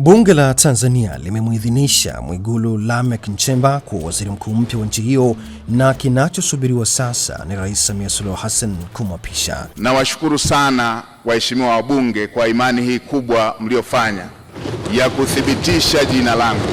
Bunge la Tanzania limemwidhinisha Mwigulu Lamek Nchemba kuwa waziri mkuu mpya wa nchi hiyo na kinachosubiriwa sasa ni Rais Samia Suluhu Hassan kumwapisha. Nawashukuru sana waheshimiwa wabunge kwa imani hii kubwa mliofanya ya kuthibitisha jina langu.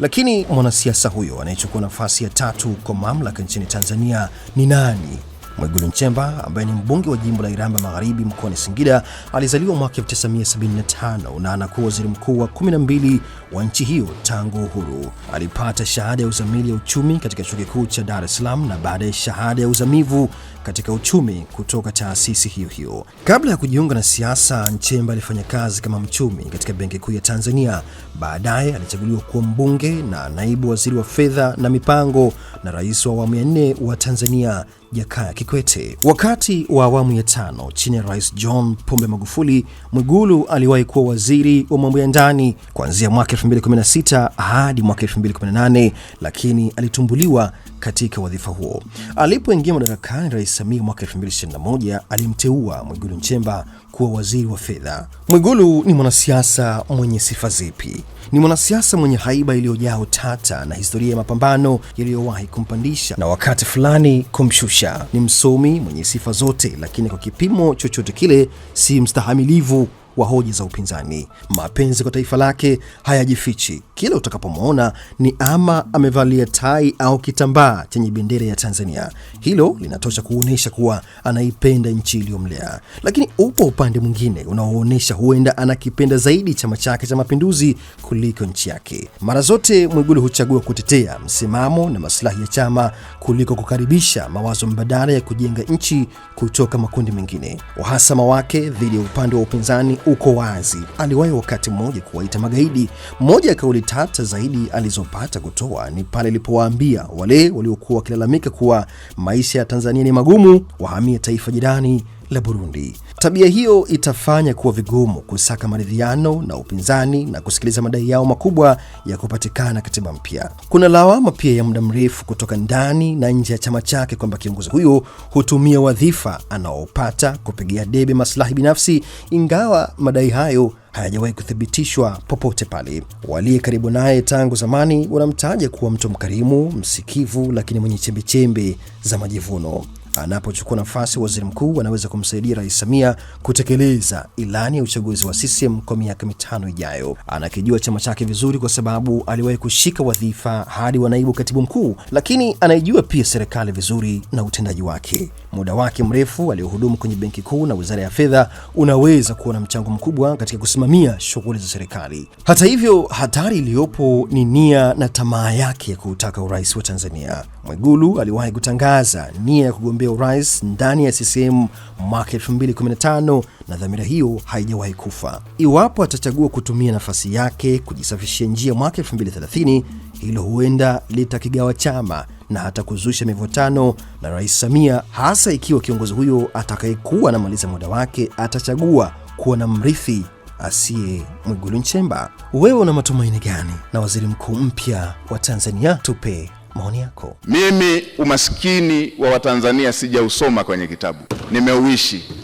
Lakini mwanasiasa huyo anayechukua nafasi ya tatu kwa mamlaka nchini Tanzania ni nani? Mwigulu Nchemba ambaye ni mbunge wa jimbo la Iramba Magharibi mkoani Singida alizaliwa mwaka 1975 na anakuwa waziri mkuu wa 12 wa nchi hiyo tangu uhuru. Alipata shahada ya uzamili ya uchumi katika chuo kikuu cha Dar es Salaam na baadaye shahada ya uzamivu katika uchumi kutoka taasisi hiyo hiyo. Kabla ya kujiunga na siasa, Nchemba alifanya kazi kama mchumi katika Benki Kuu ya Tanzania. Baadaye alichaguliwa kuwa mbunge na naibu waziri wa fedha na mipango na rais wa awamu ya nne wa Tanzania Jakaya Kikwete. Wakati wa awamu ya tano chini ya Rais John Pombe Magufuli, Mwigulu aliwahi kuwa waziri wa mambo ya ndani kuanzia mwaka 2016 hadi mwaka 2018, lakini alitumbuliwa katika wadhifa huo. Alipoingia madarakani Rais Samia mwaka 2021, alimteua Mwigulu Nchemba kuwa waziri wa fedha. Mwigulu ni mwanasiasa mwenye sifa zipi? Ni mwanasiasa mwenye haiba iliyojaa utata na historia ya mapambano yaliyowahi kumpandisha na wakati fulani kumshusha. Ni msomi mwenye sifa zote, lakini kwa kipimo chochote kile si mstahamilivu wa hoja za upinzani. Mapenzi kwa taifa lake hayajifichi, kila utakapomwona ni ama amevalia tai au kitambaa chenye bendera ya Tanzania. Hilo linatosha kuonyesha kuwa anaipenda nchi iliyomlea. Lakini upo upande mwingine unaoonyesha huenda anakipenda zaidi chama chake cha Mapinduzi kuliko nchi yake. Mara zote Mwigulu huchagua kutetea msimamo na maslahi ya chama kuliko kukaribisha mawazo mbadala ya kujenga nchi kutoka makundi mengine. Uhasama wake dhidi ya upande wa upinzani uko wazi. Aliwahi wakati mmoja kuwaita magaidi. Moja ya kauli tata zaidi alizopata kutoa ni pale alipowaambia wale waliokuwa wakilalamika kuwa maisha ya Tanzania ni magumu wahamie taifa jirani la Burundi. Tabia hiyo itafanya kuwa vigumu kusaka maridhiano na upinzani na kusikiliza madai yao makubwa ya kupatikana katiba mpya. Kuna lawama pia ya muda mrefu kutoka ndani na nje ya chama chake kwamba kiongozi huyo hutumia wadhifa anaopata kupigia debe maslahi binafsi, ingawa madai hayo hayajawahi kuthibitishwa popote pale. waliye karibu naye tangu zamani wanamtaja kuwa mtu mkarimu, msikivu, lakini mwenye chembechembe za majivuno anapochukua nafasi waziri mkuu anaweza kumsaidia Rais Samia kutekeleza ilani ya uchaguzi wa CCM kwa miaka mitano ijayo. Anakijua chama chake vizuri, kwa sababu aliwahi kushika wadhifa hadi wa naibu katibu mkuu, lakini anaijua pia serikali vizuri na utendaji wake. Muda wake mrefu aliyohudumu kwenye Benki Kuu na Wizara ya Fedha unaweza kuwa na mchango mkubwa katika kusimamia shughuli za serikali. Hata hivyo, hatari iliyopo ni nia na tamaa yake ya kuutaka urais wa Tanzania. Mwigulu aliwahi kutangaza nia ya kugombea mgombea urais ndani ya CCM mwaka 2015 na dhamira hiyo haijawahi kufa. Iwapo atachagua kutumia nafasi yake kujisafishia njia mwaka 2030, hilo huenda litakigawa chama na hata kuzusha mivutano na Rais Samia, hasa ikiwa kiongozi huyo atakayekuwa anamaliza muda wake atachagua kuwa na mrithi asiye Mwigulu Nchemba. Wewe una matumaini gani na waziri mkuu mpya wa Tanzania? Tupe maoni yako. Mimi umaskini wa Watanzania sijausoma kwenye kitabu, nimeuishi.